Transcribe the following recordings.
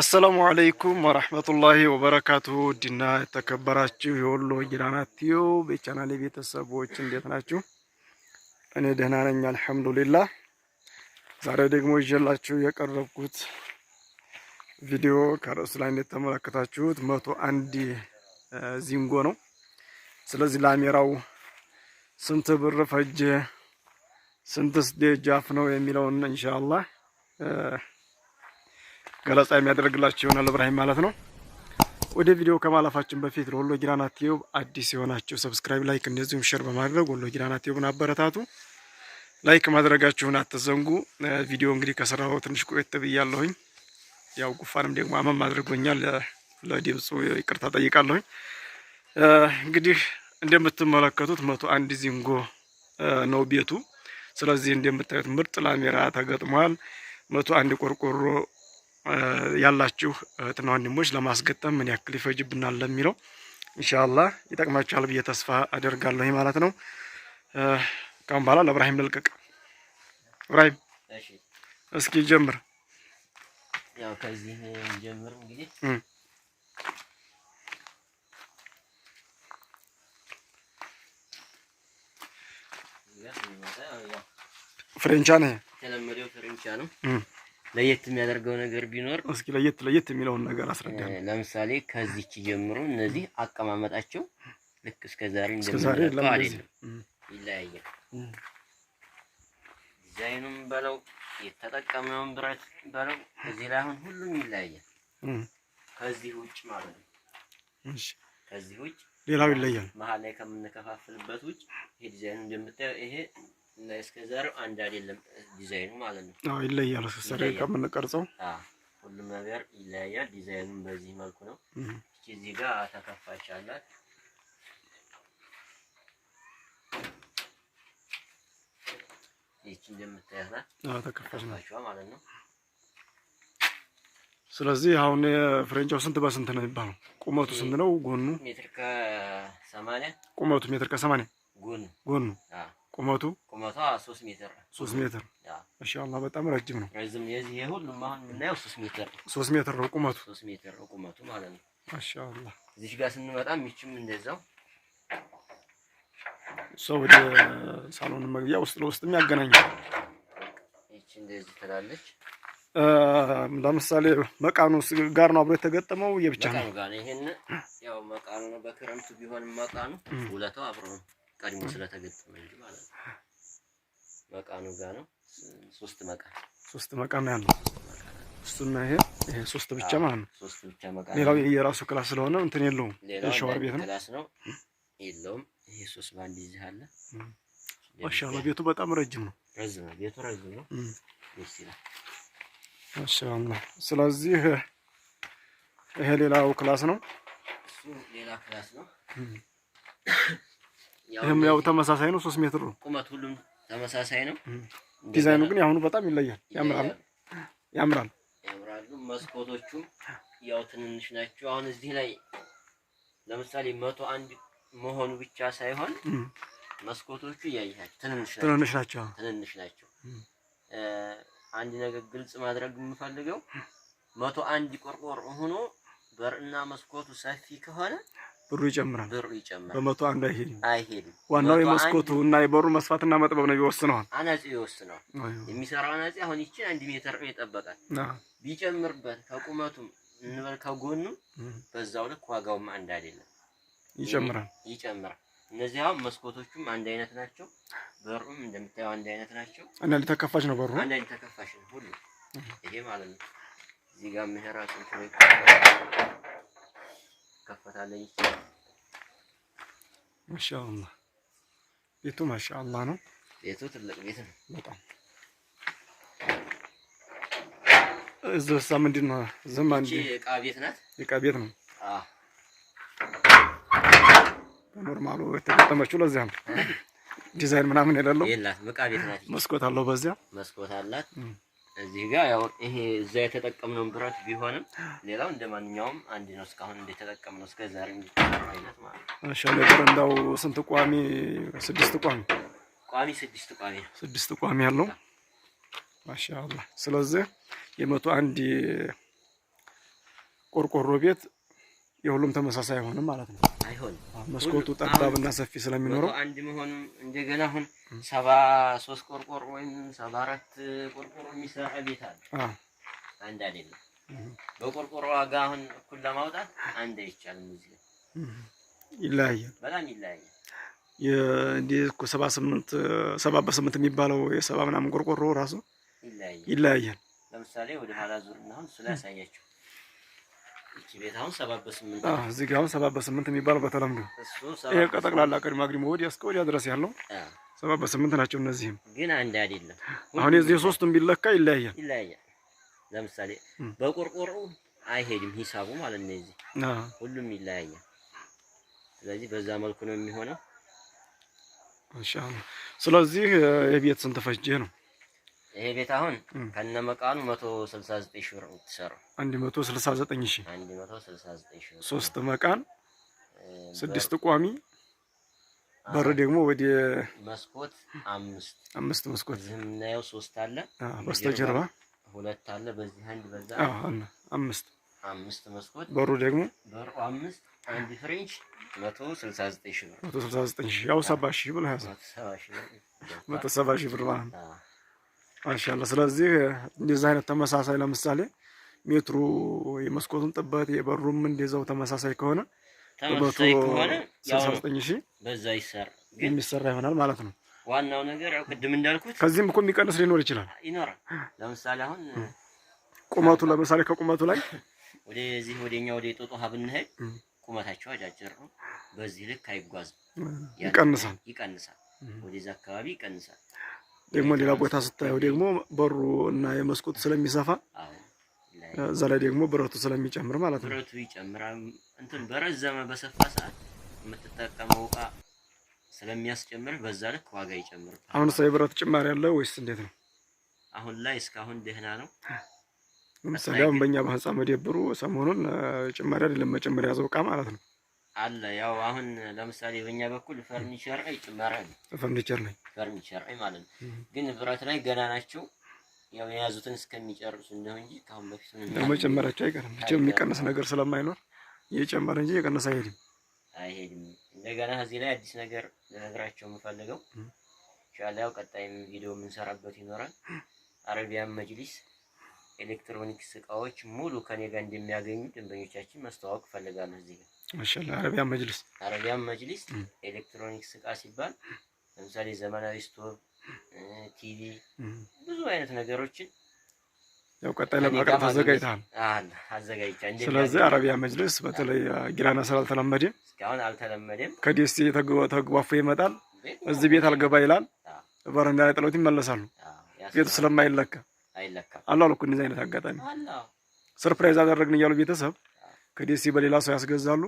አሰላሙ አለይኩም ወረህመቱላሂ ወበረካቱ ውድና የተከበራችሁ የወሎ ጊራናትዮ የቻናሌ ቤተሰቦች እንዴት ናችሁ? እኔ ደህና ነኝ አልሐምዱሊላህ። ዛሬ ደግሞ ይዤላችሁ የቀረብኩት ቪዲዮ ከርዕሱ ላይ እንደተመለከታችሁት መቶ አንድ ዚንጎ ነው። ስለዚህ ላሜራው ስንት ብር ፈጀ፣ ስንትስ ደጃፍ ነው የሚለውን እንሻአላህ ገለጻ የሚያደርግላችሁ ይሆናል እብራሂም ማለት ነው። ወደ ቪዲዮ ከማለፋችን በፊት ለወሎ ጊራና ቲዩብ አዲስ የሆናችሁ ሰብስክራይብ፣ ላይክ እንደዚሁም ሼር በማድረግ ወሎ ጊራና ቲዩብን አበረታቱ። ላይክ ማድረጋችሁን አትዘንጉ። ቪዲዮ እንግዲህ ከሰራው ትንሽ ቆየት ብያለሁኝ። ያው ጉፋንም ደግሞ አመም አድርጎኛል። ለድምፁ ይቅርታ ጠይቃለሁኝ። እንግዲህ እንደምትመለከቱት መቶ አንድ ዚንጎ ነው ቤቱ። ስለዚህ እንደምታዩት ምርጥ ላሜራ ተገጥሟል። መቶ አንድ ቆርቆሮ ያላችሁ እህትና ወንድሞች ለማስገጠም ምን ያክል ይፈጅብናል ለሚለው ኢንሻአላህ ይጠቅማችኋል ብዬ ተስፋ አደርጋለሁ ማለት ነው። ካሁን በኋላ ለእብራሂም ልልቀቅ። እብራሂም እስኪ ጀምር። ያው ከዚህ ጀምር እንግዲህ ፍሬንቻ ነው የተለመደው ፍሬንቻ ነው። ለየት የሚያደርገው ነገር ቢኖር እስኪ ለየት ለየት የሚለውን ነገር አስረዳ። ለምሳሌ ከዚች ጀምሮ እነዚህ አቀማመጣቸው ልክ እስከ ዛሬ እንደምንለው ይለያያል። ዲዛይኑም በለው የተጠቀመውን ብረት በለው እዚህ ላይ አሁን ሁሉም ይለያያል፣ ከዚህ ውጭ ማለት ነው። ከዚህ ውጭ ሌላው ይለያል። መሀል ላይ ከምንከፋፍልበት ውጭ ይሄ ዲዛይኑ እንደምታየው ይሄ እና እስከዛሬው አንድ አይደለም ዲዛይኑ ማለት ነው። አዎ ይለያል። እስከዛሬው ከምንቀርጸው ሁሉም ነገር ይለያል። ዲዛይኑም በዚህ መልኩ ነው። እቺ እዚህ ጋር ተከፋች አላት። ይቺ እንደምታያት አዎ ተከፋች ናት ማለት ነው። ስለዚህ አሁን የፍሬንጫው ስንት በስንት ነው የሚባለው? ቁመቱ ስንት ነው? ጎኑ ሜትር ከሰማንያ ቁመቱ ሜትር ከሰማንያ ጎኑ ጎኑ ቁመቱ ቁመቷ 3 ሜትር 3 ሜትር እሺ፣ በጣም ረጅም ነው። ረጅም የዚህ የሁሉም አሁን የምናየው 3 ሜትር 3 ሜትር ነው ቁመቱ 3 ሜትር ነው ቁመቱ ማለት ነው። ማሻአላህ እዚህ ጋር ስንመጣ ምችም እንደዛው ሰው ወደ ሳሎን መግቢያ ውስጥ ለውስጥ የሚያገናኘው እቺ እንደዚህ ትላለች። ለምሳሌ መቃኑ ጋር ነው አብሮ የተገጠመው የብቻ ነው። ይሄን ያው መቃኑ ነው። በክረምቱ ቢሆንም መቃኑ ሁለቱ አብሮ ነው። ቀድሞ ስለተገጠመ እንጂ ማለት ነው። መቃኑ ጋር ነው። ሶስት መቃ ሶስት መቃ ነው ያለው እሱና ይሄ ይሄ ሶስት ብቻ ማለት ነው። ሶስት ብቻ መቃን። ሌላው የራሱ ክላስ ስለሆነ እንትን የለውም። የሻወር ቤት ነው ክላስ ነው የለውም። ይሄ ሶስት ባንድ ይዘህ አለ። ማሻአላ ቤቱ በጣም ረጅም ነው። ረጅም ነው ቤቱ ረጅም ነው። ደስ ይላል። ማሻአላ ስለዚህ ይሄ ሌላው ክላስ ነው። እሱ ሌላ ክላስ ነው። ይህም ያው ተመሳሳይ ነው። ሶስት ሜትር ነው ቁመት፣ ሁሉም ተመሳሳይ ነው። ዲዛይኑ ግን የአሁኑ በጣም ይለያል። ያምራል ያምራል። መስኮቶቹም ያው ትንንሽ ናቸው። አሁን እዚህ ላይ ለምሳሌ መቶ አንድ መሆኑ ብቻ ሳይሆን መስኮቶቹ እያያቸው ትንንሽ ትንንሽ ናቸው ትንንሽ ናቸው። አንድ ነገር ግልጽ ማድረግ የምፈልገው መቶ አንድ ቆርቆሮ ሆኖ በርና መስኮቱ ሰፊ ከሆነ ብሩ ይጨምራል። ብሩ ይጨምራል። በመቶ አንድ አይሄድም አይሄድም። ዋናው የመስኮቱ እና የበሩ መስፋትና መጥበብ ነው ይወስነዋል። አናጺ ይወስነዋል። የሚሰራው አናጺ አሁን ይችን አንድ ሜትር ነው ይጠበቃል። ቢጨምርበት ከቁመቱም እንበል ከጎኑ በዛው ልክ ዋጋውም አንድ አይደለም፣ ይጨምራል ይጨምራል። እነዚያው መስኮቶቹም አንድ አይነት ናቸው፣ በሩም እንደምታየው አንድ አይነት ናቸው። አንዳንድ ተከፋች ነው በሩ አንዳንድ ተከፋች ነው ሁሉ ይሄ ማለት ነው። እዚህ ጋር ምህራቱን ከፈታለኝ ማሻአላ ቤቱ ማሻአላ ነው። ቤቱ ትልቅ ቤት ነው በጣም እዚህ ምንድን ነው ዝም አንዴ የዕቃ ቤት ናት። የዕቃ ቤት ነው። አዎ በኖርማሉ የተገጠመችው ለዚያ ነው። ዲዛይን ምናምን የሌለው የላት ዕቃ ቤት ናት። መስኮት አለው በዚያ መስኮት አላት። እዚህ ጋር ያው ይሄ እዛ የተጠቀምነው ብረት ቢሆንም ሌላው እንደ ማንኛውም አንድ ነው። እስካሁን እንደተጠቀምነው እስከ ዛሬ እንዲጠቀም አይነት ማለት ነው። ስንት ቋሚ? ስድስት ቋሚ ቋሚ ስድስት ቋሚ ስድስት ቋሚ ያለው ማሻአላህ። ስለዚህ የመቶ አንድ ቆርቆሮ ቤት የሁሉም ተመሳሳይ አይሆንም ማለት ነው። መስኮቱ ጠባብና ሰፊ ስለሚኖረው አንድ መሆኑ እንደገና አሁን ሰባ ሶስት ቆርቆሮ ወይም ሰባ አራት ቆርቆሮ የሚሰራ ቤት አለ። አንድ አይደለም። በቆርቆሮ ዋጋ አሁን እኩል ለማውጣት አንድ አይቻልም። እዚህ ይለያያል፣ በጣም ይለያያል። እንዲህ እኮ ሰባ ስምንት ሰባ በስምንት የሚባለው የሰባ ምናምን ቆርቆሮ ራሱ ይለያያል። ለምሳሌ ወደ ኋላ ዙርና አሁን ስላሳያቸው እዚህ ጋር አሁን ሰባት በስምንት የሚባለው በተለምዶ ይሄ ከጠቅላላ ቀድሞ አግድሞ ወዲያ እስከ ወዲያ ድረስ ያለው ሰባት በስምንት ናቸው። እነዚህም ግን አንድ አይደለም። አሁን የዚህ ሶስቱም ቢለካ ይለያያል ይለያያል። ለምሳሌ በቆርቆሮ አይሄድም ሂሳቡ ማለት ነው። እዚህ ሁሉም ይለያያል። ስለዚህ በዛ መልኩ ነው የሚሆነው። ስለዚህ የቤት ስንት ፈጀ ነው? ይሄ ቤት አሁን ከነ መቃኑ 169 ሺህ ብር ነው የተሰራው። 169 ሺህ 169 ሺህ ሶስት መቃን ስድስት ቋሚ በር ደግሞ ወደ መስኮት አምስት አምስት መስኮት ዝም ነው ሶስት አለ፣ በስተጀርባ ሁለት አለ፣ በዚህ አንድ በዛ አዎ አና አምስት አምስት መስኮት በሩ ደግሞ በሩ አምስት አንድ ፍሬንች 169 ሺህ ብር 169 ሺህ ያው 70 ሺህ ብር 170 ሺህ ብር ማለት ነው። ማሻላ። ስለዚህ እንደዚህ አይነት ተመሳሳይ ለምሳሌ ሜትሩ የመስኮቱን ጥበት የበሩም እንደዛው ተመሳሳይ ከሆነ ጥበቱ ስልሳ ዘጠኝ የሚሰራ ይሆናል ማለት ነው። ዋናው ነገር ቅድም እንዳልኩት ከዚህም እኮ የሚቀንስ ሊኖር ይችላል ይኖራል። ለምሳሌ አሁን ቁመቱ ለምሳሌ ከቁመቱ ላይ ወደዚህ ወደኛ ወደ ጦጦ ሀብ ብንሄድ ቁመታቸው አጫጭር ነው። በዚህ ልክ አይጓዝም፣ ይቀንሳል ይቀንሳል፣ ወደዛ አካባቢ ይቀንሳል። ደግሞ ሌላ ቦታ ስታየው ደግሞ በሩ እና የመስኮት ስለሚሰፋ እዛ ላይ ደግሞ ብረቱ ስለሚጨምር ማለት ነው። ብረቱ ይጨምራል። እንትን በረዘመ በሰፋ ሰዓት የምትጠቀመው እቃ ስለሚያስጨምር በዛ ልክ ዋጋ ይጨምር። አሁን ሰው የብረት ጭማሪ አለ ወይስ እንዴት ነው? አሁን ላይ እስካሁን ደህና ነው። ለምሳሌ አሁን በእኛ በህንፃ መደብሩ ሰሞኑን ጭማሪ አይደለም መጨመር ያዘው እቃ ማለት ነው አለ። ያው አሁን ለምሳሌ በእኛ በኩል ፈርኒቸር ላይ ጭማሪ አለ። ፈርኒቸር ላይ በርሚ ሸርዒ ማለት ነው። ግን ንብረት ላይ ገና ናቸው። ያው የያዙትን እስከሚጨርሱ እንደው እንጂ ካሁን በፊት ነው መጨመራቸው አይቀርም። ብቻ የሚቀንስ ነገር ስለማይኖር እየጨመረ እንጂ እየቀነሰ አይሄድም አይሄድም። እንደገና እዚህ ላይ አዲስ ነገር ልነግራቸው የምፈልገው ኢንሻአላህ ያው ቀጣይም ቪዲዮ የምንሰራበት ይኖራል። አረቢያን መጅሊስ ኤሌክትሮኒክስ እቃዎች ሙሉ ከኔ ጋር እንደሚያገኙ ደንበኞቻችን ማስተዋወቅ ፈልጋለሁ። እዚህ ጋር ማሻአላህ አረቢያን መጅሊስ አረቢያን መጅሊስ ኤሌክትሮኒክስ እቃ ሲባል ለምሳሌ ዘመናዊ ስቶር፣ ቲቪ፣ ብዙ አይነት ነገሮችን ያው ቀጣይ ለማቅረብ ተዘጋጅተሃል። አዘጋጅቻለሁ። ስለዚህ አረቢያ መጅልስ በተለይ ጊራና ስራ አልተለመደም፣ እስካሁን አልተለመደም። ከደሴ ተግባፎ ይመጣል፣ እዚህ ቤት አልገባ ይላል፣ በረንዳ ላይ ጥለውት ይመለሳሉ። ቤቱ ስለማይለካ አሉ አልኩ። እንደዚህ አይነት አጋጣሚ ሰርፕራይዝ አደረግን እያሉ ቤተሰብ ከደሴ በሌላ ሰው ያስገዛሉ።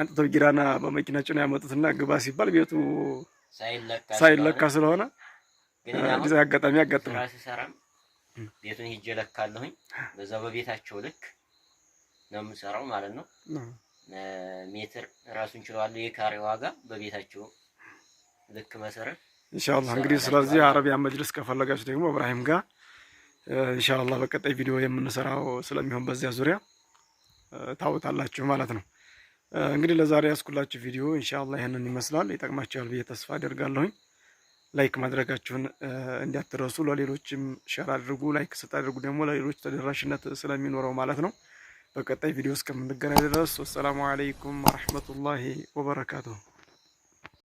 አንጥተው ጊራና በመኪና ጭነው ያመጡትና ግባ ሲባል ቤቱ ሳይለካ ስለሆነ ጊዜ አጋጣሚ ያጋጥማል። ስሰራም ቤቱን ሂጄ እለካለሁኝ። በዛው በቤታቸው ልክ ነው የምሰራው ማለት ነው። ሜትር ራሱን ችለዋለሁ። የካሬ ዋጋ በቤታቸው ልክ መሰረት ኢንሻአላህ። እንግዲህ ስለዚህ አረቢያን መጅልስ ከፈለጋችሁ ደግሞ እብራሂም ጋር ኢንሻአላህ በቀጣይ ቪዲዮ የምንሰራው ስለሚሆን በዚያ ዙሪያ ታውታላችሁ ማለት ነው። እንግዲህ ለዛሬ ያስኩላችሁ ቪዲዮ ኢንሻአላህ ይህንን ይመስላል። ይጠቅማችኋል ብዬ ተስፋ አደርጋለሁኝ። ላይክ ማድረጋችሁን እንዲያትረሱ፣ ለሌሎችም ሼር አድርጉ። ላይክ ስታደርጉ ደግሞ ለሌሎች ተደራሽነት ስለሚኖረው ማለት ነው። በቀጣይ ቪዲዮ እስከምንገናኝ ድረስ ወሰላሙ አለይኩም ወራህመቱላሂ ወበረካቱሁ።